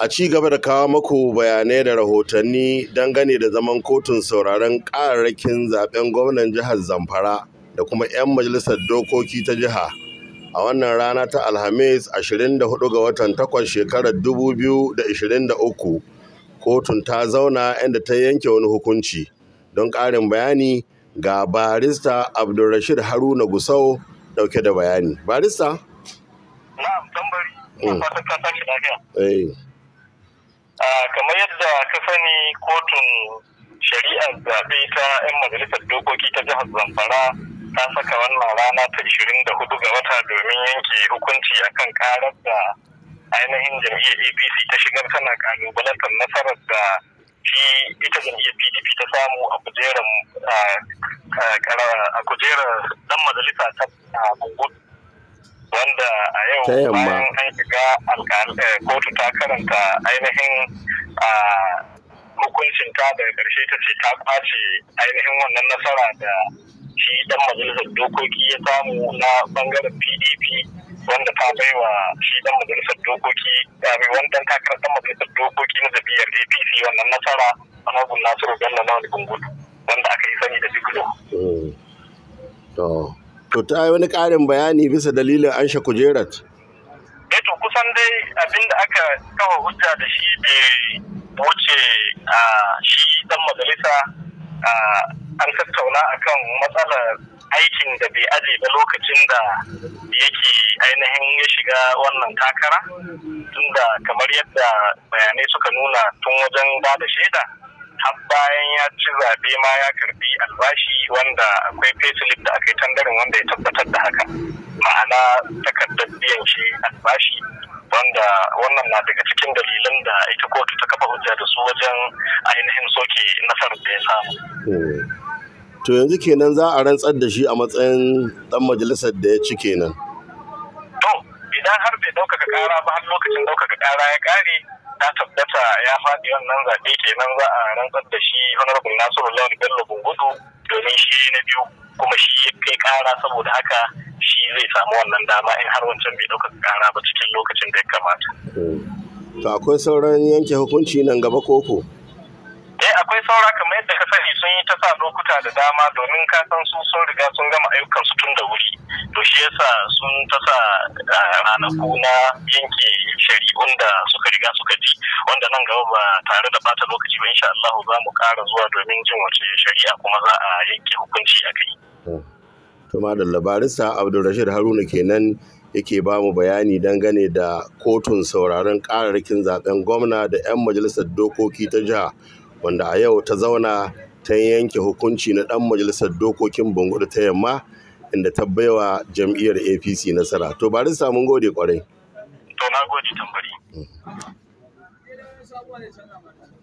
a ci gaba da kawo maku bayanai da rahotanni dangane da zaman kotun sauraron ƙararrakin zaben gwamnan jihar zamfara da kuma 'yan majalisar dokoki ta jiha a wannan rana ta alhamis 24 ga watan 8 shekarar 2023 kotun ta zauna inda ta yanke wani hukunci don ƙarin bayani ga barista abdulrashid haruna gusau dauke da bayani barista na'am tambari mm. ina fatan shi lafiya eh. kamar yadda ka sani kotun shari'ar zaɓe ta 'yan majalisar dokoki ta jihar zamfara ta saka wannan rana ta 24 ga wata domin yanke hukunci akan karar da ainihin jam'iyyar apc ta shigar tana kalubalantar nasarar da shi ita jam'iyyar pdp ta samu a kujerar a dan majalisa ta bungudu wanda a yau bayan an shiga eh, kotu ta karanta ainihin hukuncin ta daga ƙarshe ta ce ta kwace ainihin wannan nasara da shi dan majalisar dokoki ya samu na bangaren pdp wanda ta bai wa shi dan majalisar dokoki eh, wanda ta karanta majalisar dokoki na jam'iyyar apc wannan nasara a nasiru bello na wani gungun wanda aka yi sani da biglo To ta yi wani ƙarin bayani bisa dalilin an kujerat. Eh to kusan dai abin da aka kawo hujja da shi bai wuce a shi dan majalisa an tattauna akan matsalar aikin da bai aje ba lokacin da yake ainihin ya shiga wannan takara tunda kamar yadda bayanai suka nuna tun wajen ba da shaida har bayan ya ci zaɓe ma ya karbi albashi wanda akwai payslip da aka yi tandarin wanda ya tabbatar da haka ma'ana takardar biyan shi albashi wanda wannan na daga cikin dalilan da ita kotu ta kafa hujja da su wajen ainihin soke nasarar da ya samu. Hmm. To yanzu kenan za a rantsar da shi a matsayin dan majalisar da ya ci kenan. To idan har bai ɗaukaka ƙara ba har lokacin ɗaukaka ƙara ya ƙare ta tabbata ya faɗi wannan zaɓe kenan za a rantsar da shi honorable nasiru lawan bello gungudu domin shi na biyu kuma shi ya kai ƙara saboda haka shi zai samu wannan dama in har wancan bai ɗaukar ƙara ba cikin lokacin da ya kamata. to akwai sauran yanke hukunci nan gaba koko. eh akwai saura kamar yadda ka sani sun yi ta sa lokuta da dama domin ka san su sun riga sun gama ayyukan su tun da wuri to shi yasa sun ta sa ah, ranaku na yanke shari'un da suka riga suka ji wanda nan gaba ba tare da bata lokaci ba insha Allah za mu ƙara zuwa domin jin wace shari'a kuma za a yanke hukunci a kai. To madalla Abdul Rashid Haruna kenan yake ba mu bayani dangane da kotun sauraron kararrakin zaben gwamna da 'yan majalisar dokoki ta jiha wanda a yau ta zauna ta yanke hukunci na ɗan majalisar dokokin bango ta yamma inda ta baiwa jam'iyyar apc nasara to barista mun gode kwarai na gode tambari. Mm.